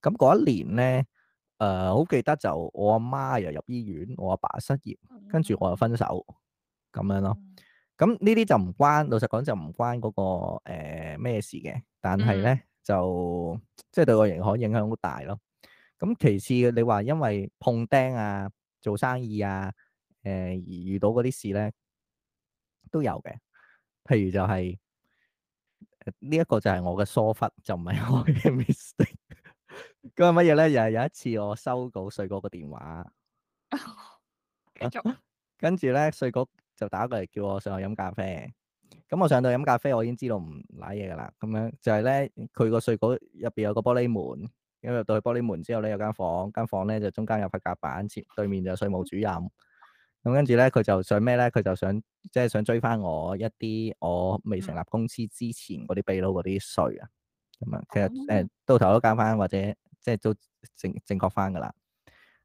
咁嗰一年咧，誒、呃，好記得就我阿媽又入醫院，我阿爸，爸失業，跟住我又分手，咁樣咯。咁呢啲就唔關，老實講就唔關嗰、那個誒咩、呃、事嘅。但係咧、嗯、就即係、就是、對個影響影響好大咯。咁其次，你話因為碰釘啊，做生意啊，誒、呃、而遇到嗰啲事咧，都有嘅。譬如就係、是。呢一個就係我嘅疏忽，就唔係我嘅 mistake。咁係乜嘢咧？又係有一次我收到稅局個電話，繼續、 啊。跟住咧，稅局就打過嚟，叫我上去飲咖啡。咁我上到飲咖啡，我已經知道唔瀨嘢噶啦。咁樣就係咧，佢個稅局入邊有個玻璃門，一入到去玻璃門之後咧，有間房，間房咧就中間有塊隔板，對面就係稅務主任。咁跟住咧，佢就想咩咧？佢就想即係想追翻我一啲我未成立公司之前嗰啲秘撈嗰啲稅啊。咁啊、嗯，其實誒、呃、到頭都加翻，或者即係都正正確翻噶啦。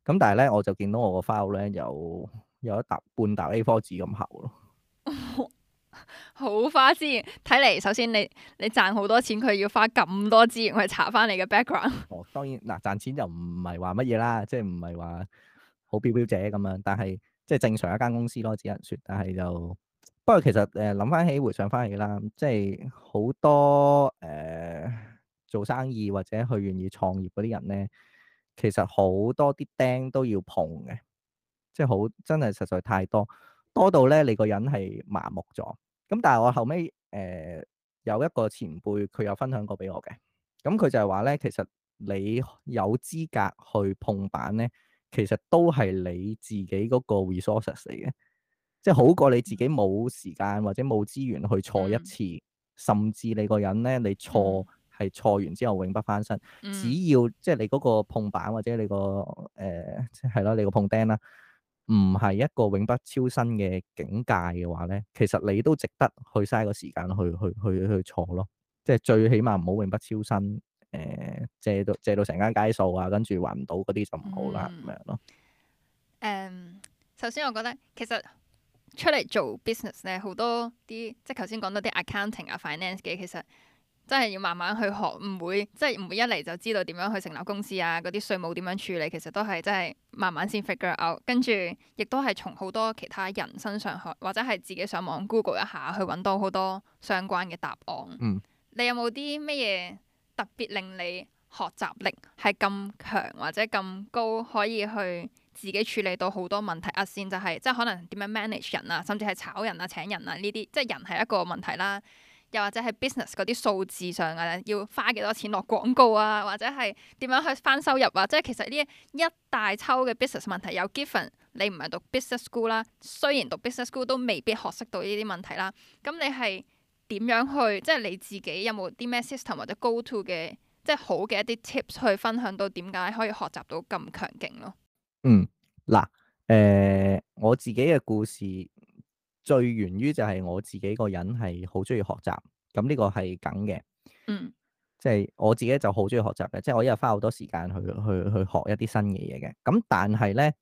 咁但係咧，我就見到我個 file 咧有有一沓半沓 A4 紙咁厚咯。 好花資源，睇嚟，首先你你賺好多錢，佢要花咁多資源去查翻你嘅 background。 哦，當然嗱、呃，賺錢就唔係話乜嘢啦，即係唔係話好標標者咁樣，但係。即係正常一間公司咯，只能説。但係就不過其實誒，諗、呃、翻起回想翻起啦，即係好多誒、呃、做生意或者去願意創業嗰啲人咧，其實好多啲釘都要碰嘅，即係好真係實在太多，多到咧你個人係麻木咗。咁但係我後尾誒、呃、有一個前輩，佢有分享過俾我嘅。咁佢就係話咧，其實你有資格去碰板咧。其實都係你自己嗰個 resource 嚟嘅，即係好過你自己冇時間或者冇資源去錯一次，甚至你個人咧你錯係錯完之後永不翻身。只要即係你嗰個碰板或者你個誒係咯，你個碰釘啦，啊，唔係一個永不超生嘅境界嘅話咧，其實你都值得去嘥個時間去去去去錯咯。即係最起碼唔好永不超生。誒、呃，借到借到成間街數啊，跟住還唔到嗰啲就唔好啦，咁、嗯、樣咯。誒，um, 首先我覺得其實出嚟做 business 咧，好多啲即係頭先講到啲 accounting 啊、finance 嘅，其實真係要慢慢去學，唔會即係唔會一嚟就知道點樣去成立公司啊，嗰啲稅務點樣處理，其實都係真係慢慢先 figure out，跟住亦都係從好多其他人身上學，或者係自己上網 Google 一下，去搵到好多相關嘅答案。嗯、你有冇啲乜嘢？特別令你學習力係咁強或者咁高，可以去自己處理到好多問題啊！先就係、是、即係可能點樣 manage 人啊，甚至係炒人啊、請人啊呢啲，即係人係一個問題啦、啊。又或者係 business 嗰啲數字上嘅，要花幾多錢落廣告啊，或者係點樣去翻收入啊？即係其實呢一大抽嘅 business 問題，又 given 你唔係讀 business school 啦、啊，雖然讀 business school 都未必學識到呢啲問題啦、啊，咁你係，點樣去即係你自己有冇啲咩 system 或者 go to 嘅即係好嘅一啲 tips 去分享到，點解可以學習到咁強勁咯？嗯，嗱，誒、呃，我自己嘅故事最源於就係我自己個人係好中意學習，咁呢個係梗嘅，嗯，即係我自己就好中意學習嘅，即係我一日花好多時間去去去學一啲新嘅嘢嘅，咁但係咧。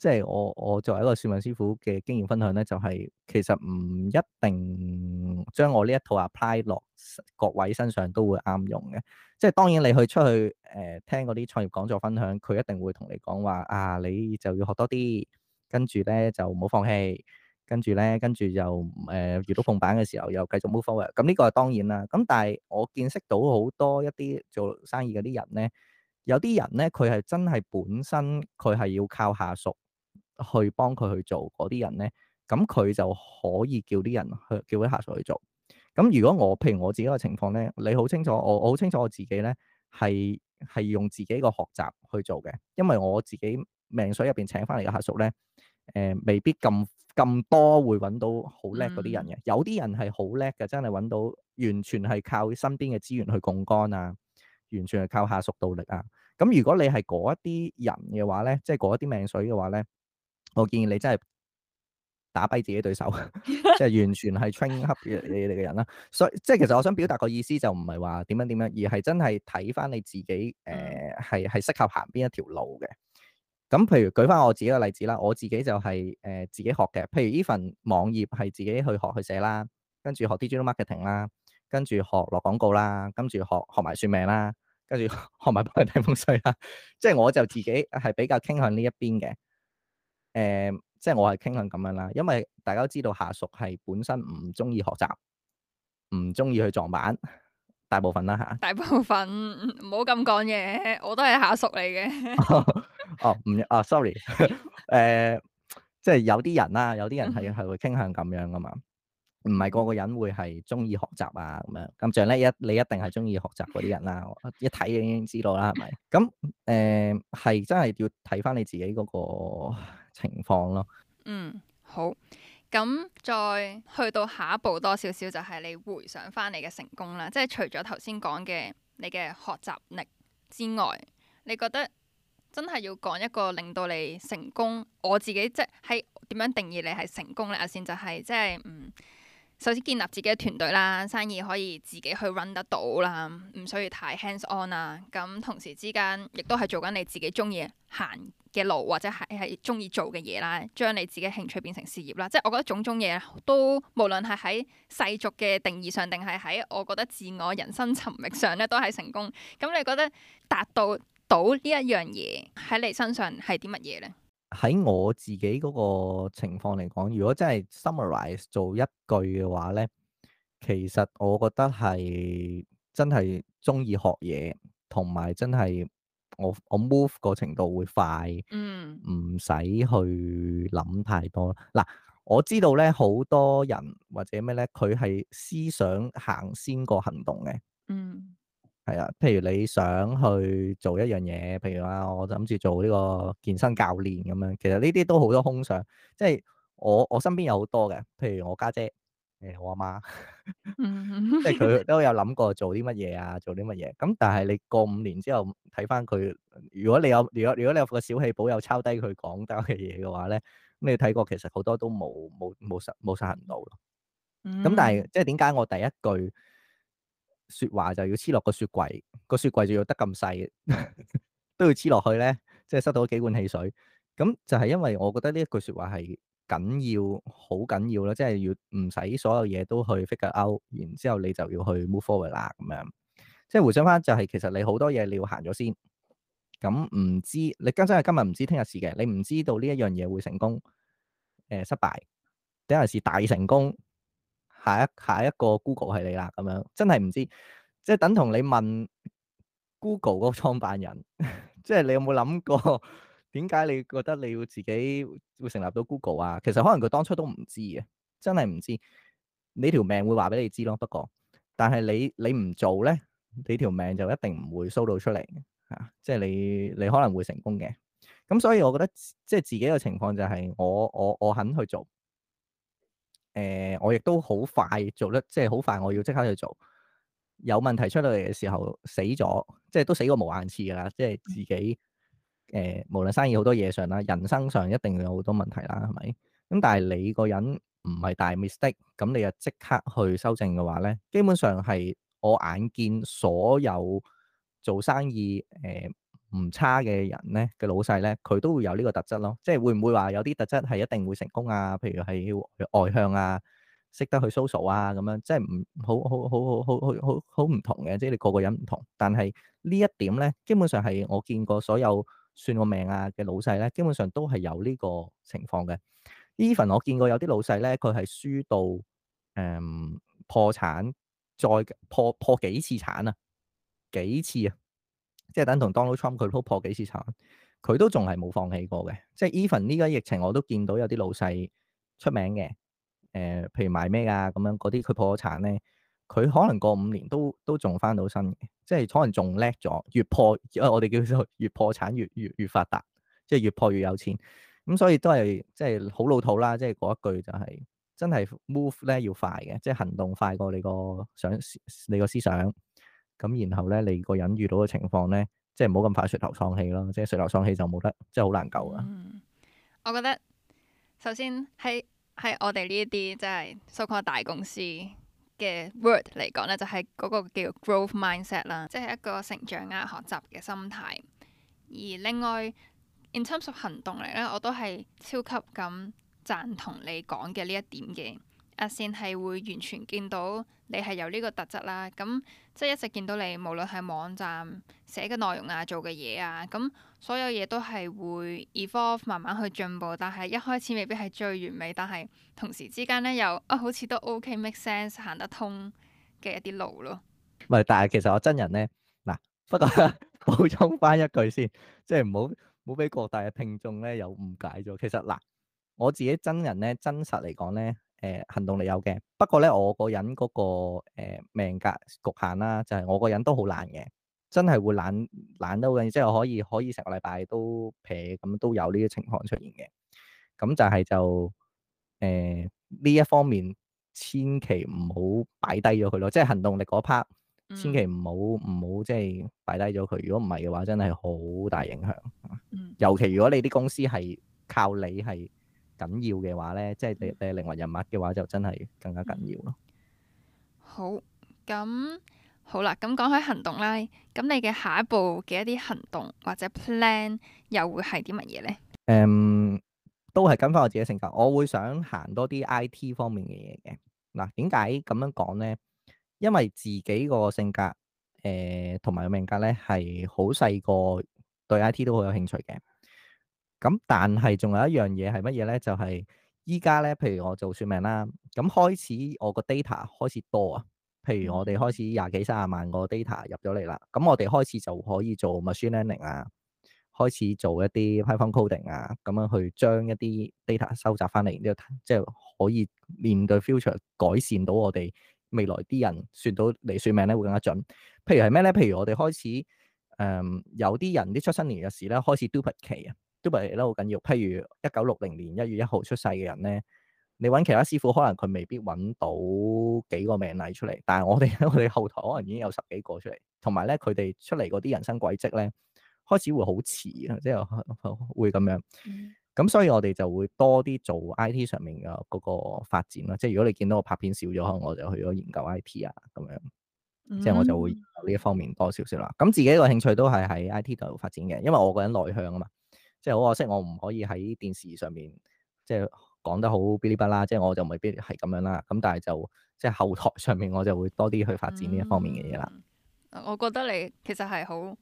即係我我作為一個算命師傅嘅經驗分享咧，就係、是、其實唔一定將我呢一套 apply 落各位身上都會啱用嘅。即係當然你去出去誒、呃、聽嗰啲創業講座分享，佢一定會同你講話啊，你就要學多啲，跟住咧就唔好放棄，跟住咧跟住又誒、呃、遇到碰板嘅時候又繼續 move forward。咁呢個係當然啦。咁但係我見識到好多一啲做生意嗰啲人咧，有啲人咧佢係真係本身佢係要靠下屬。去幫佢去做嗰啲人咧，咁佢就可以叫啲人去叫啲下屬去做。咁如果我譬如我自己個情況咧，你好清楚，我好清楚我自己咧，係係用自己個學習去做嘅，因為我自己命水入邊請翻嚟嘅下屬咧，誒、呃、未必咁咁多會揾到好叻嗰啲人嘅，嗯、有啲人係好叻嘅，真係揾到完全係靠身邊嘅資源去槓桿啊，完全係靠下屬到力啊。咁如果你係嗰一啲人嘅話咧，即係嗰一啲命水嘅話咧。我建議你真係打低自己對手，即係完全係 train up 你你哋嘅人啦。所以即係其實我想表達個意思就唔係話點樣點樣，而係真係睇翻你自己誒，係係適合行邊一條路嘅。咁譬如舉翻我自己嘅例子啦，我自己就係、是、誒、呃、自己學嘅。譬如呢份網頁係自己去學去寫啦，跟住學 digital marketing 啦，跟住學落廣告啦，跟住學學埋算命啦，跟住學埋幫佢睇風水啦。即 係我就自己係比較傾向呢一邊嘅。誒、呃，即係我係傾向咁樣啦，因為大家都知道下屬係本身唔中意學習，唔中意去撞板，大部分啦吓。啊、大部分唔好咁講嘢，我都係下屬嚟嘅。哦，唔、哦，啊，sorry，誒、 呃，即係有啲人啦，有啲人係係 會傾向咁樣噶嘛，唔係個個人會係中意學習啊咁樣。咁像咧一，你一定係中意學習嗰啲人啦， 一睇已經知道啦，係咪？咁誒，係、呃、真係要睇翻你自己嗰、嗰個。情況咯，嗯，好，咁再去到下一步多少少就係、是，你回想翻你嘅成功啦，即係除咗頭先講嘅你嘅學習力之外，你覺得真係要講一個令到你成功，我自己即係點樣定義你係成功呢？阿、啊、先就係即係嗯，首先建立自己嘅團隊啦，生意可以自己去 run 得到啦，唔需要太 hands on 啦，咁同時之間亦都係做緊你自己中意嘅行嘅路或者係係中意做嘅嘢啦，將你自己興趣變成事業啦，即係我覺得種種嘢都無論係喺世俗嘅定義上，定係喺我覺得自我人生尋覓上咧，都係成功。咁你覺得達到達到呢一樣嘢喺你身上係啲乜嘢咧？喺我自己嗰個情況嚟講，如果真係 summarize 做一句嘅話咧，其實我覺得係真係中意學嘢，同埋真係。我我 move 個程度會快，嗯，唔使去諗太多嗱，我知道咧，好多人或者咩咧，佢係思想行先過行動嘅，嗯，係啊。譬如你想去做一樣嘢，譬如話我諗住做呢個健身教練咁樣，其實呢啲都好多空想，即係我我身邊有好多嘅，譬如我家姐，誒我阿媽。嗯， 即係佢都有諗過做啲乜嘢啊，做啲乜嘢。咁但係你過五年之後睇翻佢，如果你有，如果如果你有個小氣簿，有抄低佢講得嘅嘢嘅話咧，咁你睇過，其實好多都冇冇冇實冇實行到咯。咁但係 即係點解我第一句說話就要黐落個雪櫃，個雪櫃仲要得咁細， 都要黐落去咧，即係收到咗幾罐汽水。咁就係、是、因為我覺得呢一句說話係。緊要好緊要啦，即係要唔使所有嘢都去 figure out，然之後你就要去 move forward 啦咁樣。即係回想翻，就係、是、其實你好多嘢你要行咗先。咁唔知你更新係今日唔知聽日事嘅，你唔知道呢一樣嘢會成功誒、呃、失敗，等陣時大成功，下一下一個 Google 係你啦咁樣，真係唔知。即係等同你問 Google 嗰個創辦人， 即係你有冇諗過？點解你覺得你要自己會成立到 Google 啊？其實可能佢當初都唔知嘅，真係唔知。你條命會話俾你知咯，不過，但係你你唔做咧，你條命就一定唔會蘇到出嚟吓、啊。即係你你可能會成功嘅。咁所以我覺得即係自己嘅情況就係我我我肯去做，誒、呃，我亦都好快做得即係好快，我要即刻去做。有問題出到嚟嘅時候死咗，即係都死過無限次噶啦，即係自己。誒、呃，無論生意好多嘢上啦，人生上一定有好多問題啦，係咪？咁但係你個人唔係大 mistake，咁你又即刻去修正嘅話咧，基本上係我眼見所有做生意誒唔、呃、差嘅人咧嘅老細咧，佢都會有呢個特質咯。即係會唔會話有啲特質係一定會成功啊？譬如係要外向啊，識得去 social 啊，咁樣，即係唔好好好好好好好好唔同嘅，即係你個個人唔同。但係呢一點咧，基本上係我見過所有。算個命啊嘅老細咧，基本上都係有呢個情況嘅。Even 我見過有啲老細咧，佢係輸到誒、嗯、破產，再破破幾次產啊，幾次啊，即係等同 Donald Trump 佢都破幾次產，佢都仲係冇放棄過嘅。即係 Even 呢個疫情，我都見到有啲老細出名嘅，誒、呃，譬如賣咩啊咁樣嗰啲，佢破產咧，佢可能過五年都都仲翻到身嘅。即係可能仲叻咗，越破啊！我哋叫做越破產越越越，越發達，即係越破越有錢。咁、嗯、所以都係即係好老土啦。即係嗰一句就係、是、真係 move 咧要快嘅，即係行動快過你個想你個思想。咁然後咧，你個人遇到嘅情況咧，即係唔好咁快垂頭喪氣咯。即係垂頭喪氣就冇得，即係好難救啊。嗯，我覺得首先係係我哋呢啲即係所謂大公司。嘅 word 嚟講咧，就係、是、嗰個叫 growth mindset 啦，即係一個成長啊學習嘅心態。而另外 intrinsic 行動嚟咧，我都係超級咁贊同你講嘅呢一點嘅。阿善係會完全見到。你係有呢個特質啦，咁即係一直見到你，無論係網站寫嘅內容啊、做嘅嘢啊，咁所有嘢都係會 evolve 慢慢去進步，但係一開始未必係最完美，但係同時之間咧又啊好似都 OK make sense 行得通嘅一啲路咯。唔係，但係其實我真人咧嗱，不過 補充翻一句先，即係唔好唔好俾各大嘅聽眾咧有誤解咗。其實嗱，我自己真人咧真實嚟講咧。誒，行動力有嘅，不過咧我個人嗰、那個誒、呃、命格局限啦、啊，就係、是、我個人都好懶嘅，真係會懶懶到即係可以可以成個禮拜都撇咁、呃、都有呢啲情況出現嘅，咁就係就誒呢、呃、一方面千祈唔好擺低咗佢咯，即係行動力嗰 part、嗯、千祈唔好唔好即係擺低咗佢，如果唔係嘅話真係好大影響，嗯、尤其如果你啲公司係靠你係。緊要嘅話咧，即係你你係另外人物嘅話，就真係更加緊要咯。好，咁好啦，咁講開行動啦，咁你嘅下一步嘅一啲行動或者 plan 又會係啲乜嘢咧？誒，都係跟翻我自己性格，我會想行多啲 IT 方面嘅嘢嘅。嗱，點解咁樣講咧？因為自己個性格誒同埋個命格咧，係好細個對 IT 都好有興趣嘅。咁但係仲有一樣嘢係乜嘢咧？就係依家咧，譬如我做算命啦，咁開始我個 data 開始多啊。譬如我哋開始廿幾三十萬個 data 入咗嚟啦，咁我哋開始就可以做 machine learning 啊，開始做一啲 Python coding 啊，咁樣去將一啲 data 收集翻嚟，然之後即係可以面對 future 改善到我哋未來啲人算到嚟算命咧會更加準。譬如係咩咧？譬如我哋開始誒、嗯、有啲人啲出生年月時咧開始 duplicate 啊。都唔係咯，好緊要。譬如一九六零年一月一號出世嘅人咧，你揾其他師傅，可能佢未必揾到幾個命例出嚟。但係我哋喺我哋後台可能已經有十幾個出嚟，同埋咧佢哋出嚟嗰啲人生軌跡咧，開始會好遲啊，即係會咁樣。咁、嗯、所以我哋就會多啲做 I T 上面嘅嗰個發展啦。即係如果你見到我拍片少咗，可能我就去咗研究 I T 啊，咁樣。嗯、即係我就會呢一方面多少少啦。咁自己個興趣都係喺 I T 度發展嘅，因為我個人內向啊嘛。即係好可惜，我唔可以喺電視上面即係講得好嗶哩吧啦，即係我就未必係咁樣啦。咁但係就即係後台上面，我就會多啲去發展呢一方面嘅嘢啦。我覺得你其實係好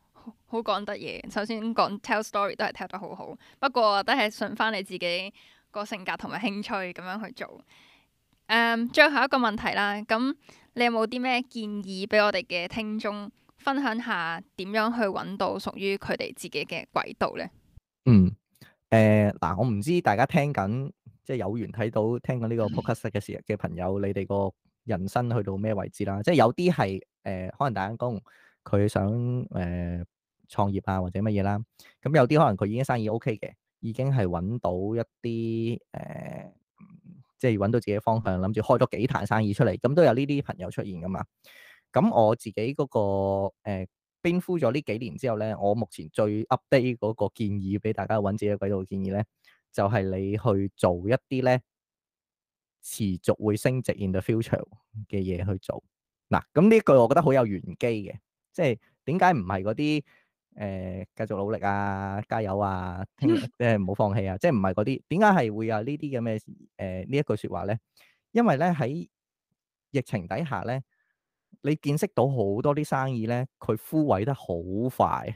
好講得嘢。首先講 tell story 都係 tell 得好好，不過都係順翻你自己個性格同埋興趣咁樣去做。誒、嗯，最後一個問題啦，咁你有冇啲咩建議俾我哋嘅聽眾分享下？點樣去搵到屬於佢哋自己嘅軌道咧？嗯，誒，嗱，我唔知大家聽緊，即係有緣睇到聽緊呢個 podcast 嘅時嘅朋友，你哋個人生去到咩位置啦？即係有啲係誒，可能打緊工，佢想誒創、呃、業啊，或者乜嘢啦。咁有啲可能佢已經生意 OK 嘅，已經係搵到一啲誒、呃，即係搵到自己方向，諗住開咗幾壇生意出嚟，咁都有呢啲朋友出現噶嘛。咁我自己嗰、那個誒。呃經歷咗呢幾年之後咧，我目前最 update 嗰個建議俾大家揾自己嘅軌道建議咧，就係、是、你去做一啲咧持續會升值 in the future 嘅嘢去做。嗱，咁呢句我覺得好有玄機嘅，即係點解唔係嗰啲誒繼續努力啊，加油啊，誒唔好放棄啊？即係唔係嗰啲？點解係會有呢啲咁嘅誒呢一句説話咧？因為咧喺疫情底下咧。你見識到好多啲生意咧，佢枯萎得好快。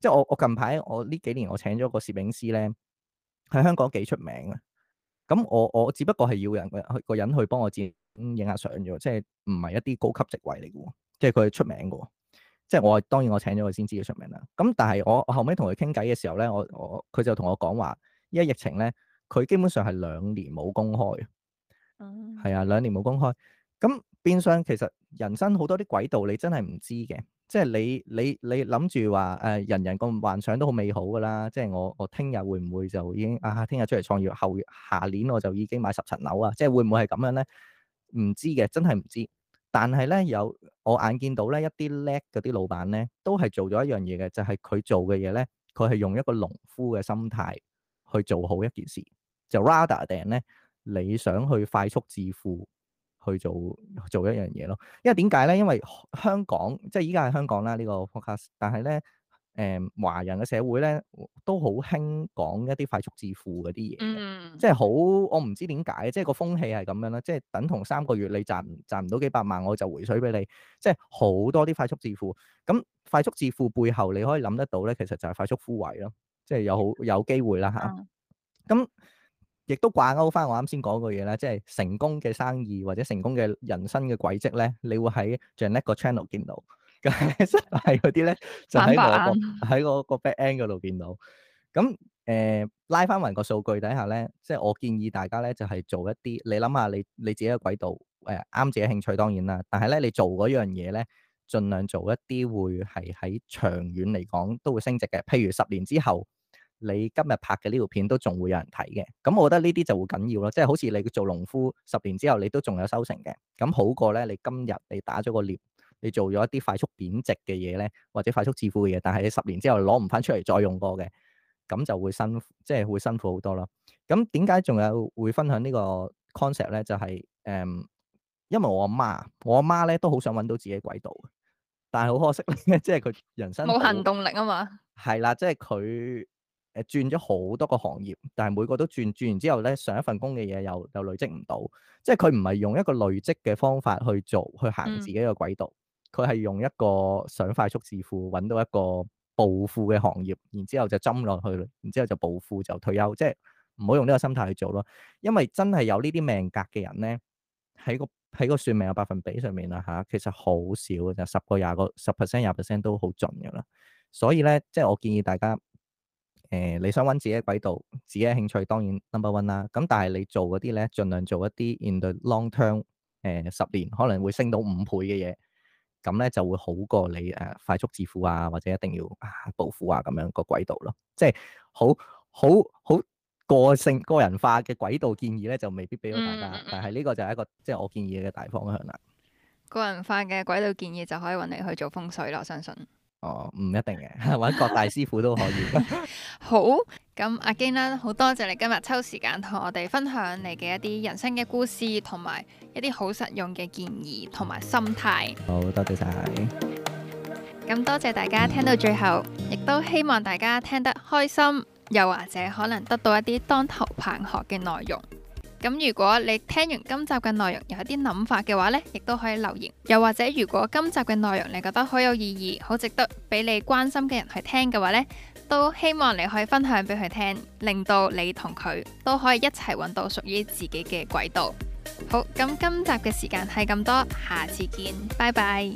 即係我我近排我呢幾年我請咗個攝影師咧，喺香港幾出名嘅。咁我我只不過係要人個個人去幫我影下相啫，即係唔係一啲高級職位嚟嘅喎。即係佢出名嘅喎。即係我當然我請咗佢先知佢出名啦。咁但係我我後尾同佢傾偈嘅時候咧，我我佢就同我講話：依家疫情咧，佢基本上係兩年冇公開。嗯。係啊，兩年冇公開。咁變相其實人生好多啲軌道你真係唔知嘅，即係你你你諗住話誒人人個幻想都好美好㗎啦，即係我我聽日會唔會就已經啊聽日出嚟創業，後下年我就已經買十層樓啊，即係會唔會係咁樣咧？唔知嘅，真係唔知。但係咧有我眼見到咧一啲叻嗰啲老闆咧，都係做咗一樣嘢嘅，就係、是、佢做嘅嘢咧，佢係用一個農夫嘅心態去做好一件事，就 rather than 咧你想去快速致富。去做做一樣嘢咯，因為點解咧？因為香港即係依家係香港啦，呢、這個 focus。但係咧，誒、呃、華人嘅社會咧都好興講一啲快速致富嗰啲嘢，即係好我唔知點解，即係個風氣係咁樣啦。即係等同三個月你賺賺唔到幾百萬，我就回水俾你。即係好多啲快速致富，咁快速致富背後你可以諗得到咧，其實就係快速枯萎咯。即係有好有機會啦嚇。咁、啊。嗯亦都掛鈎翻我啱先講個嘢咧，即係成功嘅生意或者成功嘅人生嘅軌跡咧，你會喺 Janet 個 channel 見到，係嗰啲咧就喺我個喺嗰 back end 嗰度見到。咁誒、呃、拉翻勻個數據底下咧，即係我建議大家咧就係、是、做一啲你諗下你你自己嘅軌道誒啱、呃、自己興趣當然啦，但係咧你做嗰樣嘢咧，儘量做一啲會係喺長遠嚟講都會升值嘅，譬如十年之後。你今日拍嘅呢條片都仲會有人睇嘅，咁我覺得呢啲就會緊要咯，即係好似你做農夫十年之後，你都仲有收成嘅，咁好過咧。你今日你打咗個獵，你做咗一啲快速貶值嘅嘢咧，或者快速致富嘅嘢，但係你十年之後攞唔翻出嚟再用過嘅，咁就會辛苦，即係會辛苦好多咯。咁點解仲有會分享呢個 concept 咧？就係誒，因為我阿媽，我阿媽咧都好想揾到自己軌道，但係好可惜 即係佢人生冇行動力啊嘛。係啦，即係佢。誒，轉咗好多個行業，但係每個都轉轉完之後咧，上一份工嘅嘢又又累積唔到，即係佢唔係用一個累積嘅方法去做，去行自己個軌道，佢係、嗯、用一個想快速致富，搵到一個暴富嘅行業，然之後就針落去，然之後就暴富就退休，即係唔好用呢個心態去做咯，因為真係有呢啲命格嘅人咧，喺個喺個算命嘅百分比上面啊吓，其實好少噶咋，十個廿個十 percent 廿 percent 都好盡噶啦，所以咧，即係我建議大家。誒、呃，你想搵自己嘅軌道，自己嘅興趣，當然 number one 啦。咁但係你做嗰啲咧，儘量做一啲 in the long term，誒、呃、十年可能會升到五倍嘅嘢，咁咧就會好過你誒快速致富啊，或者一定要啊暴富啊咁樣個軌道咯。即係好好好個性個人化嘅軌道建議咧，就未必俾到大家。嗯、但係呢個就係一個即係、就是、我建議嘅大方向啦。個人化嘅軌道建議就可以揾你去做風水咯，我相信。哦，唔一定嘅，揾各大師傅都可以。 好，咁阿堅啦，好多謝你今日抽時間同我哋分享你嘅一啲人生嘅故事，同埋一啲好實用嘅建議，同埋心態。好多謝晒。咁多謝大家聽到最後，亦都希望大家聽得開心，又或者可能得到一啲當頭棒喝嘅內容。咁如果你聽完今集嘅內容有一啲諗法嘅話呢，亦都可以留言。又或者如果今集嘅內容你覺得好有意義、好值得俾你關心嘅人去聽嘅話呢，都希望你可以分享俾佢聽，令到你同佢都可以一齊揾到屬於自己嘅軌道。好，咁今集嘅時間係咁多，下次見，拜拜。